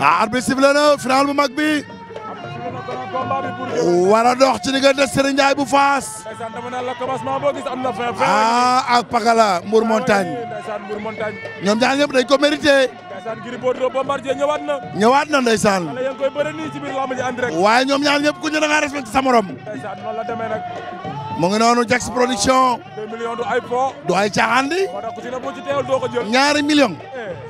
ah arbitre sifflé na final bu mag bi war a dox ci diggante Serigne Ndiaye bu Faas. ah ak Pakala Mbour Montagne. ñoom ñaar ñëpp dañ ko mérité. ñëwaat na ndeysaan. waaye ñoom ñaar ñëpp ku ñu da ngaa respecté sa morom. mu ngi noonu Jax production. du ay caaxaan di. ñaari million. Eh.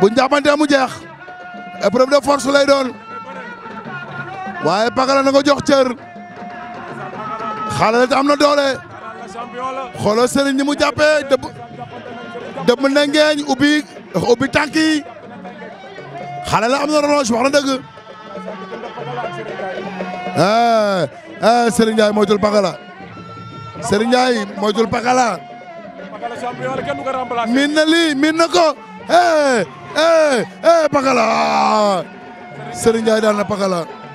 bu njàppante mu jeex épreuve de force lay doon waaye Pakala na ko jox cër xale am na doole xoolal sëriñ ni mu jàppee dëbb dëbb na ngeeñ ubbi tànk yi xale la am na ronge wax na dëgg eh, eh, Serigne Ndiaye moytul Pakala Serigne Ndiaye moytul Pakala min na lii min na ko eh eh eh Pakala Serigne Ndiaye daan na